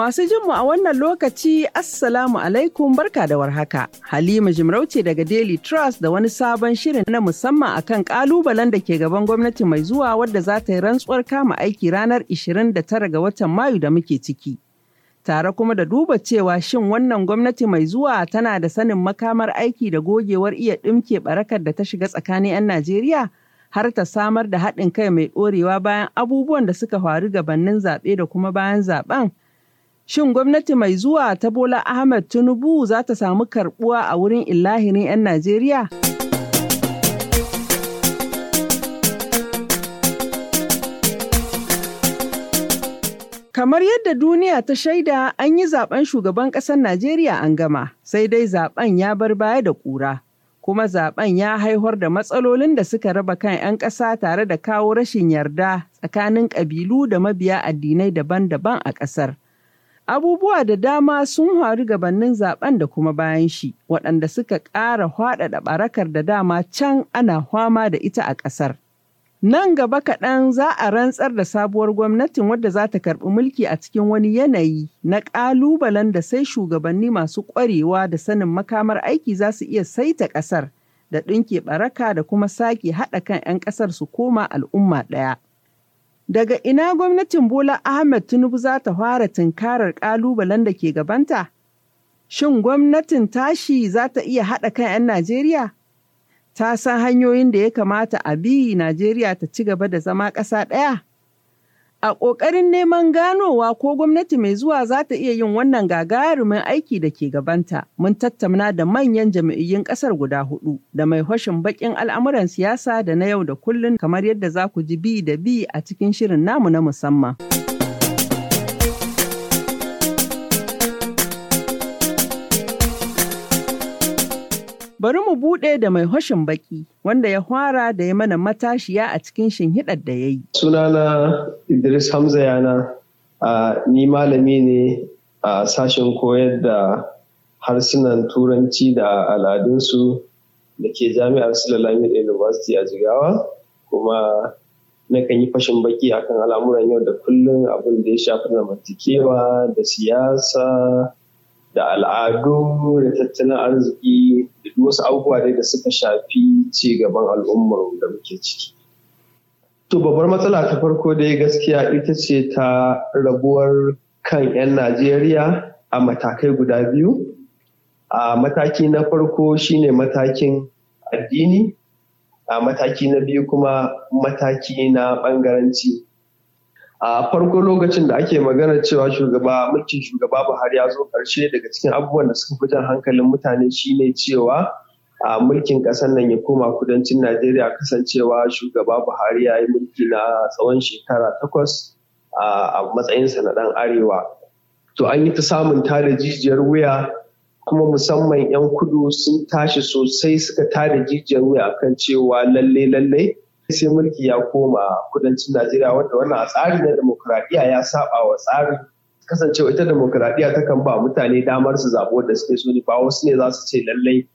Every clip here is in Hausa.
Masu jinmu a wannan lokaci Assalamu alaikum barka da warhaka. Halima Jimarauce daga Daily Trust da wani sabon shirin na musamman akan kalubalen da ke gaban gwamnati mai zuwa wadda za ta yi rantsuwar kama aiki ranar 29 ga watan Mayu da muke ciki. Tare kuma da duba cewa shin wannan gwamnati mai zuwa tana da sanin makamar aiki da gogewar iya ɗimke barakar da ta shiga tsakanin 'yan Najeriya har ta samar da haɗin kai mai ɗorewa bayan abubuwan da suka faru gabanin zaɓe da kuma bayan zaɓen. Shin gwamnati mai zuwa ta Bola Ahmed Tinubu za ta samu karbuwa a wurin illahirin 'yan Najeriya? Kamar yadda duniya ta shaida an yi zaben shugaban ƙasar Najeriya an gama, sai dai zaben ya bar baya da ƙura. Kuma zaben ya haihuwar da matsalolin da suka raba kan 'yan ƙasa tare da kawo rashin yarda tsakanin ƙabilu da mabiya addinai daban-daban a ƙasar. Abubuwa da dama sun faru gabanin zaben da kuma bayan shi, waɗanda suka ƙara haɗaɗa ɓarakar da dama can ana fama da ita a ƙasar. Nan gaba kaɗan za a rantsar da sabuwar gwamnatin wadda za ta karɓi mulki a cikin wani yanayi na ƙalubalen da sai shugabanni masu ƙwarewa da sanin makamar aiki za su iya saita ƙasar da ɗinke ɓaraka da kuma sake haɗa kan 'yan ƙasar su koma al'umma ɗaya. Daga ina gwamnatin Bola Ahmed Tinubu za ta fara tunkarar ƙalubalen da ke gabanta? Shin gwamnatin tashi za ta iya haɗa kan 'yan Najeriya? Ta san hanyoyin da ya kamata a bi Najeriya ta ci gaba da zama ƙasa ɗaya? A ƙoƙarin neman ganowa ko gwamnati mai zuwa za ta iya yin wannan gagarumin aiki da ke gabanta, mun tattauna da manyan jami'iyyun ƙasar guda hudu da mai hoshin baƙin al'amuran siyasa da na yau da kullun kamar yadda za ku ji bi da bi a cikin shirin namu na musamman. Bari mu buɗe da mai hoshin baki wanda ya hwara da ya mana matashiya a cikin shinhiɗar da ya yi. Sunana Idris Hamza yana a ni malami ne a sashen koyar da harsunan turanci da al'adunsu da ke jami'ar Sulalami University a Jigawa kuma nakan yi fashin baki akan al'amuran yau da kullum abin da ya shafi zamantakewa da siyasa da al'adu da tattalin arziki wasu abubuwa dai da suka shafi ci gaban al'ummar da muke ciki. To babbar matsala ta farko dai gaskiya ita ce ta rabuwar kan 'yan Najeriya a matakai guda biyu. A mataki na farko shine matakin addini, a mataki na biyu kuma mataki na ɓangaranci. a farko lokacin da ake magana cewa shugaba mulkin shugaba buhari ya zo karshe daga cikin abubuwan da suka fi jan hankalin mutane shine cewa a mulkin ƙasar nan ya koma kudancin najeriya kasancewa shugaba buhari ya yi mulki na tsawon shekara takwas a matsayinsa na ɗan arewa to an yi ta samun tada jijiyar wuya kuma musamman 'yan kudu sun tashi sosai suka tada jijiyar wuya akan cewa lalle lallai sai mulki ya koma a kudancin Najeriya wanda wannan a tsari na demokuraɗiyya ya saba wa tsarin kasancewa ita demokuraɗiyya takan ba mutane damar su zabo da suke so ne ba wasu ne za su ce lallai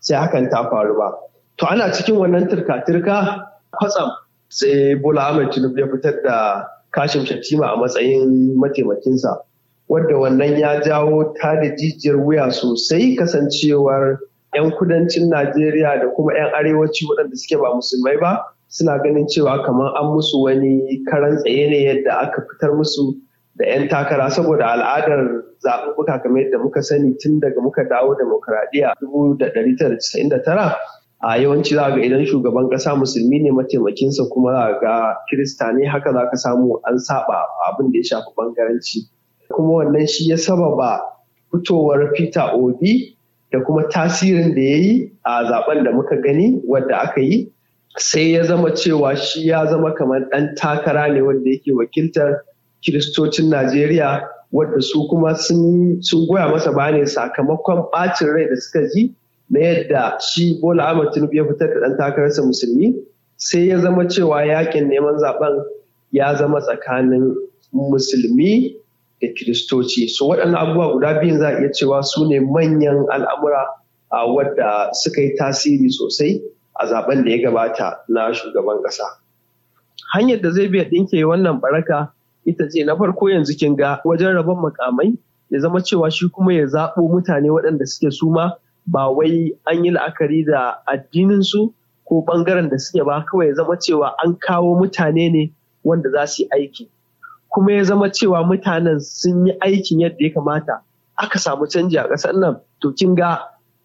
sai hakan ta faru ba. To ana cikin wannan turka-turka kwatsam sai Bola Ahmed Tinubu ya fitar da Kashim Shatima a matsayin mataimakinsa. Wadda wannan ya jawo ta da jijiyar wuya sosai kasancewar 'yan kudancin Najeriya da kuma 'yan arewaci waɗanda suke ba musulmai ba suna ganin cewa kamar an musu wani karan tsaye ne yadda aka fitar musu da 'yan takara saboda al'adar zaɓuɓɓuka kamar yadda muka sani tun daga muka dawo demokuraɗiyya 1999 a yawanci za ga idan shugaban ƙasa musulmi ne mataimakinsa kuma za ga kirista ne haka za ka samu an saba abin da ya shafi bangaranci kuma wannan shi ya sababa fitowar peter obi da kuma tasirin da ya yi a zaben da muka gani wadda aka yi sai ya zama cewa shi ya zama kamar ɗan takara ne wanda yake wakiltar kiristocin najeriya wadda su kuma sun goya masa ba ne sakamakon ɓacin rai da suka ji na yadda shi bola ahmad tinubu ya fitar da ɗan takararsa musulmi sai ya zama cewa yakin neman zaben ya zama tsakanin musulmi da kiristoci so waɗannan abubuwa guda biyun za a iya cewa su ne manyan al'amura a wadda suka yi tasiri sosai a zaben da ya gabata na shugaban ƙasa. Hanyar da zai biya ɗinke wannan baraka ita ce na farko yanzu kin ga wajen rabon makamai ya zama cewa shi kuma ya zaɓo mutane waɗanda suke suma ba wai an yi la'akari da addininsu ko ɓangaren da suke ba kawai ya zama cewa an kawo mutane ne wanda za su yi aiki kuma ya zama cewa mutanen sun yi aikin yadda ya kamata aka samu canji a ƙasar nan to kin ga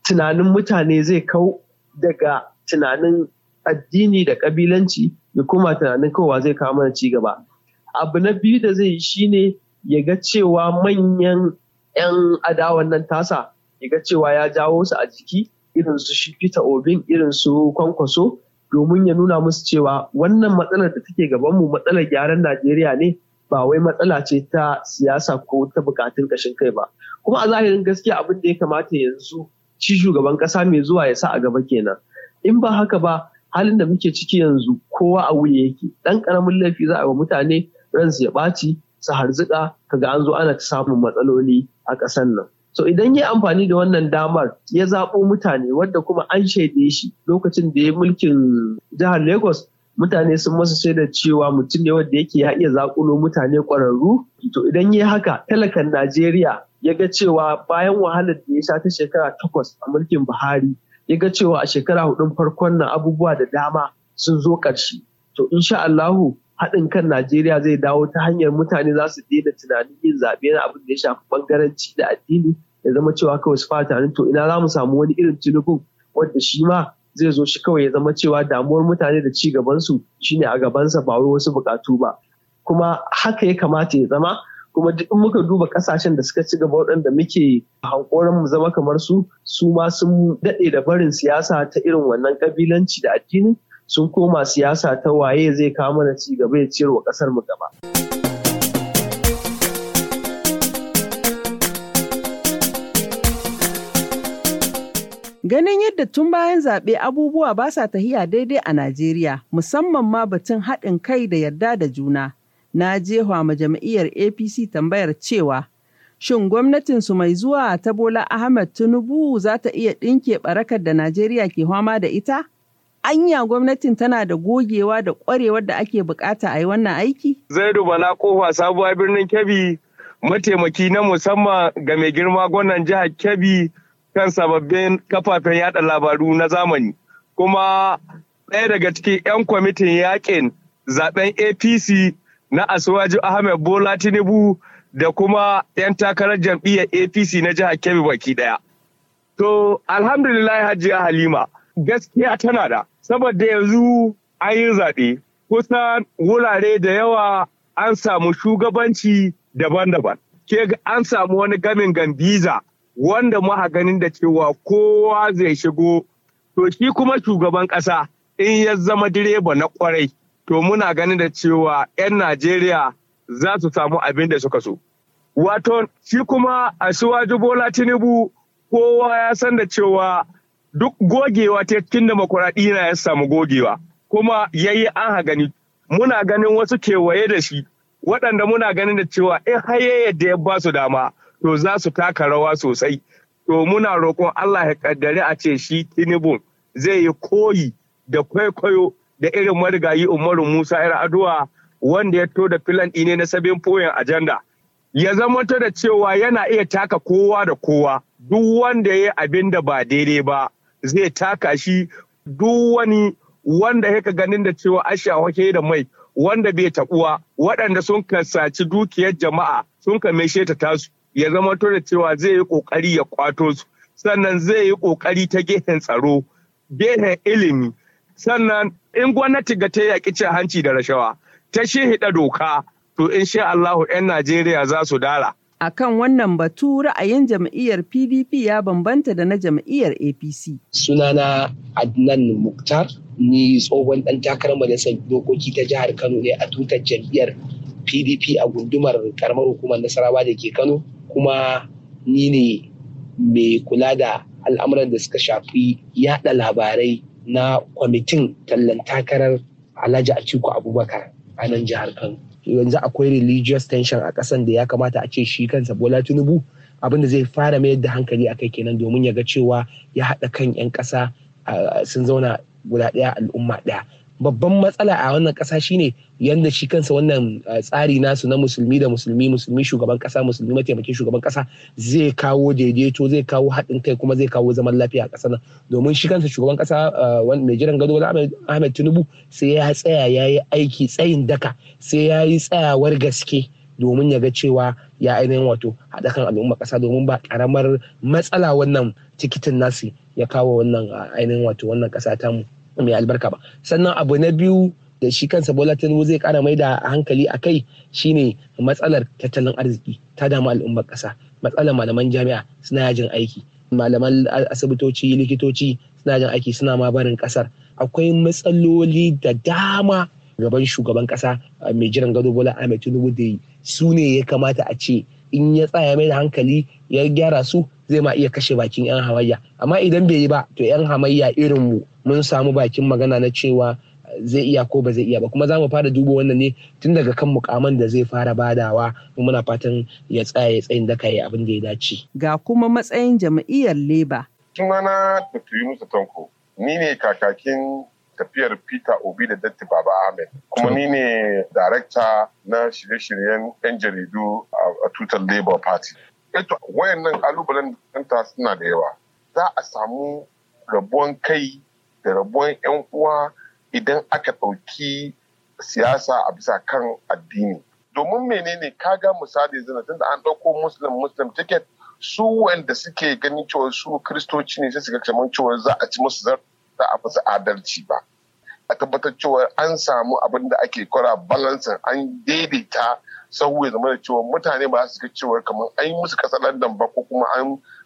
tunanin mutane zai kau daga tunanin addini da kabilanci ya koma tunanin kowa zai kawo mana cigaba. abu na biyu da zai yi shine ya ga cewa manyan 'yan adawan nan tasa ya ga cewa ya jawo su a jiki irin su shi Peter Obin irin su kwankwaso domin ya nuna musu cewa wannan matsalar da take gabanmu matsalar gyaran Najeriya ne ba wai matsala ce ta siyasa ko ta bukatun kashin kai ba kuma a zahirin gaskiya abin da ya kamata yanzu ci shugaban kasa mai zuwa ya sa a gaba kenan in ba haka ba halin da muke ciki yanzu kowa a wuya yake dan karamin laifi za a yi wa mutane ransu ya ɓaci su harzuka kaga an zo ana ta samun matsaloli a ƙasar nan so idan ya amfani da wannan damar ya zaɓo mutane wadda kuma an shaide shi lokacin da ya mulkin jihar lagos mutane sun masa shaida cewa mutum ne wanda yake ya iya zaƙulo mutane ƙwararru to idan ya haka talakan najeriya ya ga cewa bayan wahalar da ya sha ta shekara takwas a mulkin buhari ya ga cewa a shekara hudun farkon nan abubuwa da dama sun zo ƙarshe to insha Allahu haɗin kan Najeriya zai dawo ta hanyar mutane za su daina tunanin yin zaɓe na abin da ya shafi ɓangaranci da addini ya zama cewa kawai su fara tunanin to ina za mu samu wani irin tunukun wanda shi ma zai zo shi kawai ya zama cewa damuwar mutane da ci gabansu shine a gabansa ba wai wasu buƙatu ba kuma haka ya kamata ya zama kuma duk in muka duba kasashen da suka ci gaba waɗanda muke hankoran mu zama kamar su su ma sun daɗe da barin siyasa ta irin wannan kabilanci da addinin sun koma siyasa ta waye zai kawo mana ci gaba ya ciyarwa kasar ƙasar mu gaba. Ganin yadda tun bayan zaɓe abubuwa ba sa tahiya daidai a Najeriya, musamman ma batun haɗin kai da yarda da juna, na jefa ma jam'iyyar APC tambayar cewa shin gwamnatinsu mai zuwa ta Bola Ahmed Tinubu za ta iya ɗinke ɓarakar da Najeriya ke fama da ita? Anya gwamnatin tana da gogewa da ƙwarewar da ake bukata a yi wannan aiki? Zaidu Bala Kofa sabuwa birnin Kebbi mataimaki na musamman ga mai girma gwamnan jihar Kebbi kan sababbin kafafen yada labaru na zamani. Kuma ɗaya daga cikin 'yan kwamitin yakin zaben APC na Asuwaju Ahmed Bola Tinubu da kuma 'yan takarar jam'iyyar APC na jihar Kebbi baki ɗaya. To alhamdulillah Hajiya Halima gaskiya tana da saboda yanzu an yi zaɓe kusan wurare da yawa an samu shugabanci daban-daban. Ke an samu wani gamin gambiza wanda muka ganin da cewa kowa zai shigo to shi kuma shugaban ƙasa in ya zama direba na kwarai to muna ganin da cewa 'yan Najeriya za su samu abin da suka so. Wato, shi kuma a waje Bola Tinubu kowa ya san da cewa duk gogewa ta cikin demokuraɗiyya ya samu gogewa, kuma ya yi an gani. Muna ganin wasu kewaye da shi, waɗanda muna ganin da cewa in haye yadda ya ba su dama, to za su taka rawa sosai. To muna roƙon Allah ya ƙaddare a ce shi Tinubu zai yi koyi da kwaikwayo da irin marigayi umaru musa yar aduwa wanda ya to da filan ne na sabin foyin ajanda ya zamanto da cewa yana iya taka kowa da kowa duk wanda ya abin da ba daidai ba zai taka shi duk wani wanda yaka ganin da cewa asha hake da mai wanda bai taɓuwa waɗanda sun kasaci dukiyar jama'a sun mai ta tasu ya zamanto da cewa zai yi ƙoƙari ya kwato su sannan zai yi ƙoƙari ta gehen tsaro gehen ilimi sannan in gwamnati ga ta yaƙi cin hanci da rashawa ta shehida doka to in sha Allahu 'yan Najeriya za su dara. A kan wannan batu ra'ayin jam'iyyar PDP ya bambanta da na jam'iyyar APC. Sunana Adnan Muktar ni tsohon ɗan takarar majalisar dokoki ta jihar Kano ne a tutar jam'iyyar PDP a gundumar karamar hukumar Nasarawa da ke Kano kuma ni ne mai kula da al'amuran da suka shafi yada labarai na kwamitin tallan takarar Alhaji Atiku Abubakar a nan jihar Kano. Yanzu akwai religious tension a ƙasan da ya kamata a ce shi kansa Bola Tinubu abin da zai fara mayar da hankali a kai kenan domin ya ga cewa ya haɗa kan 'yan ƙasa sun zauna guda ɗaya al'umma ɗaya. babban matsala a wannan ƙasa shine yadda shi kansa wannan tsari nasu na musulmi da musulmi musulmi shugaban ƙasa musulmi mataimakin shugaban ƙasa zai kawo daidaito zai kawo haɗin kai kuma zai kawo zaman lafiya a ƙasar nan domin shi kansa shugaban ƙasa mai jiran gado wani ahmed tinubu sai ya tsaya ya yi aiki tsayin daka sai ya yi tsayawar gaske domin ya ga cewa ya ainihin wato haɗa kan al'umma ƙasa domin ba ƙaramar matsala wannan tikitin nasi ya kawo wannan ainihin wato wannan ƙasa tamu. mu mai albarka ba sannan abu na biyu da shi kansa bola tinubu zai kara mai da hankali a kai shine matsalar tattalin arziki ta damu al'ummar ƙasa matsalar malaman jami'a suna yajin aiki malaman asibitoci likitoci suna yajin aiki suna ma barin ƙasar akwai matsaloli da dama gaban shugaban ƙasa mai jiran gado bola ahmed tinubu da su ne ya kamata a ce in ya tsaya mai da hankali ya gyara su zai ma iya kashe bakin 'yan hamayya amma idan bai yi ba to 'yan hamayya irin mu mun samu bakin magana na cewa zai iya ko ba zai iya ba kuma za mu fara dubo wannan ne tun daga kan mukaman da zai fara badawa muna fatan ya tsaya ya tsayin daka ya abin da ya dace ga kuma matsayin jam'iyyar leba da tuyi musu tanko ni ne kakakin tafiyar Peter Obi da Datti Baba Ahmed. Kuma ni ne darekta na shirye-shiryen 'yan jaridu a tutar Labour Party. wayan wayannan kalubalen ta suna da yawa za a samu rabuwan kai da rabuwan yan uwa idan aka ɗauki siyasa a bisa kan addini domin menene kaga misali zina tunda an ɗauko muslim muslim ticket su wanda suke ganin cewa su kristoci ne sai su ga kamar cewa za a ci musu zar za a fasa adalci ba a tabbatar cewa an samu abin da ake kora balansin an daidaita sau ya zama da cewa mutane ba su ga cewa kamar an yi musu katsalandan ba ko kuma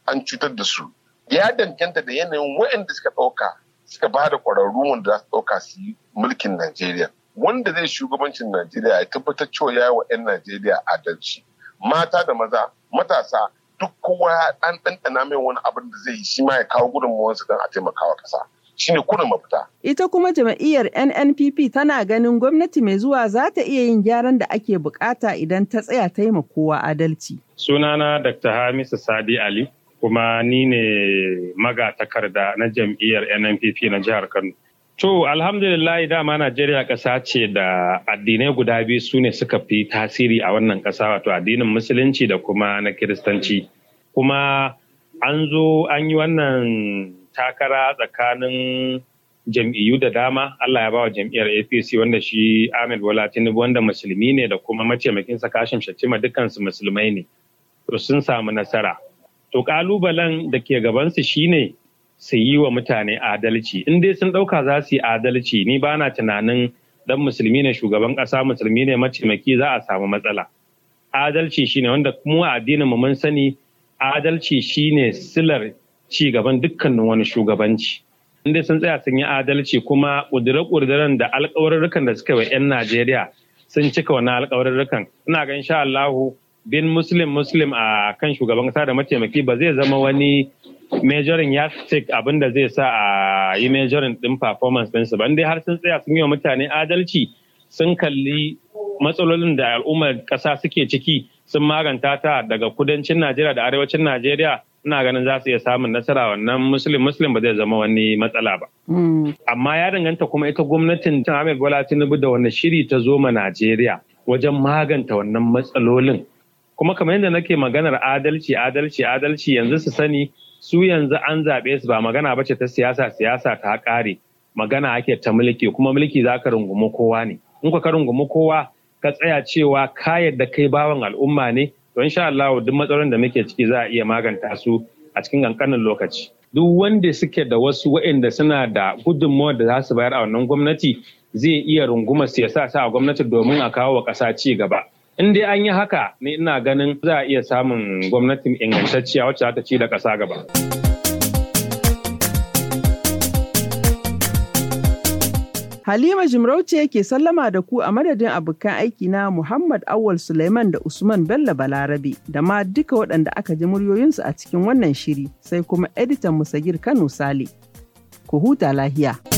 an cutar da su ya danganta da yanayin waɗanda suka ɗauka suka ba da ƙwararru wanda za su ɗauka su yi mulkin najeriya wanda zai shugabancin najeriya ya tabbatar cewa ya yi wa 'yan najeriya adalci mata da maza matasa duk kowa an ɗanɗana mai wani abin da zai yi shi ma ya kawo gudunmawarsa don a taimakawa ƙasa shine kurin mafita. Ita kuma jam'iyyar NNPP tana ganin gwamnati mai zuwa za ta iya yin gyaran da ake bukata idan ta tsaya ta yi adalci. Sunana Dr. Hamisu Sadi Ali kuma ni ne magatakarda na jam'iyyar NNPP na jihar Kano. To alhamdulillah dama Najeriya ƙasa ce da addinai guda biyu su ne suka fi tasiri a wannan ƙasa wato addinin Musulunci da kuma na Kiristanci. Kuma an zo an yi wannan takara tsakanin jam'iyyu da dama Allah ya ba wa jam'iyyar APC wanda shi Ahmed Bola Tinubu wanda musulmi ne da kuma mataimakinsa Kashim Shattima dukansu musulmai ne. To sun samu nasara. To kalubalen da ke gabansu shine su yi wa mutane adalci. In dai sun ɗauka za su yi adalci ni ba na tunanin dan musulmi ne shugaban kasa musulmi ne mataimaki za a samu matsala. Adalci shine wanda kuma addinin mu mun sani adalci shine silar ci gaban dukkanin wani shugabanci. Inda sun tsaya sun yi adalci kuma ƙudire-ƙudiren da alƙawarurrukan da suka yi wa 'yan Najeriya sun cika wannan alƙawarurrukan. Ina ga insha Allahu bin Muslim Muslim a kan shugaban ƙasa da mataimaki ba zai zama wani majorin ya abin da zai sa a yi majorin ɗin performance ɗinsu ba. Inda har sun tsaya sun yi wa mutane adalci sun kalli matsalolin da al'ummar ƙasa suke ciki sun maganta ta daga kudancin Najeriya da arewacin Najeriya ina ganin za su iya samun nasara wannan muslim muslim ba zai zama wani matsala ba. Hmm. Amma ya danganta kuma ita gwamnatin cin Ahmed Bola Tinubu da wani shiri ta zo ma Najeriya wajen maganta wannan matsalolin. Kuma kamar yadda nake maganar adalci adalci adalci yanzu su sani su yanzu an zaɓe su ba magana ba ce ta siyasa siyasa ta ƙare magana ake ta mulki kuma mulki za ka rungumi kowa ne. In ka rungumi kowa ka tsaya cewa ka yadda kai bawan al'umma ne Don sha Allah duk matsalolin da muke ciki za a iya maganta su a cikin kankanin lokaci duk wanda suke da wasu waɗanda suna da gudunmawar da za su bayar a wannan gwamnati zai iya runguma su ya sa a gwamnati domin a kawo wa ƙasa ci gaba in dai an yi haka ne ina ganin za a iya samun gwamnatin ingantacciya wacce za ta ci da ƙasa gaba. Halima Jimarauce ke sallama da ku a madadin abokan aiki na Muhammad Awal Suleiman da Usman Bello Balarabe da ma duka waɗanda aka ji muryoyinsu a cikin wannan shiri sai kuma editan Musagir Kano Sale. Ku huta lahiya.